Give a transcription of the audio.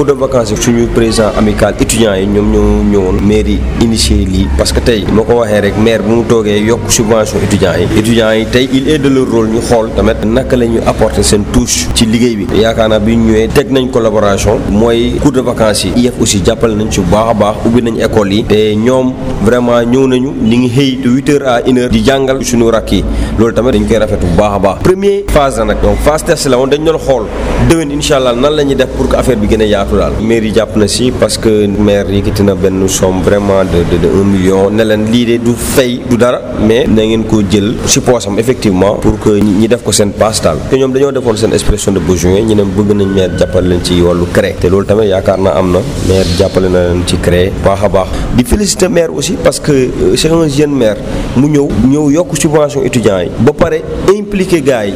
cours de vacances yi suñu président amical étudiants yi ñoom ñoo ñëwoon mairie initié parce que tey moo ko waxee rek maire bu mu toogee yokk subvention étudiants yi étudiants yi tey il est de leur rôle ñu xool tamit naka la ñuy seen touche ci liggéey bi yaakaar naa bi ñu ñëwee teg nañ collaboration mooy cours de vacances yi IEF aussi jàppale nañ ci bu baax a baax ubbi nañ école yi te ñoom vraiment ñëw nañu ni ngi xëy de huit heures à une heure di jàngal yi loolu tamit dañ koy rafetlu a baax première phase la la woon dañ doon xool déwén incha yaatu maire yi jàpp na si parce que maire yëkkati na benn somme vraiment de de de un million ne leen lii de du fay du dara mais na ngeen ko jël si poosam effectivement pour que ñi def ko seen paas daal te ñoom dañoo defoon seen expression de besoin ñu ne bëgg nañ maire jàppale leen ci wàllu CREC te loolu tamit yaakaar na am na maire jàppale na leen ci CREC baax a baax di féliciter maire aussi parce que euh, c'est un jeune maire mu ñëw ñëw yokk subvention étudiants yi ba pare impliqué gars yi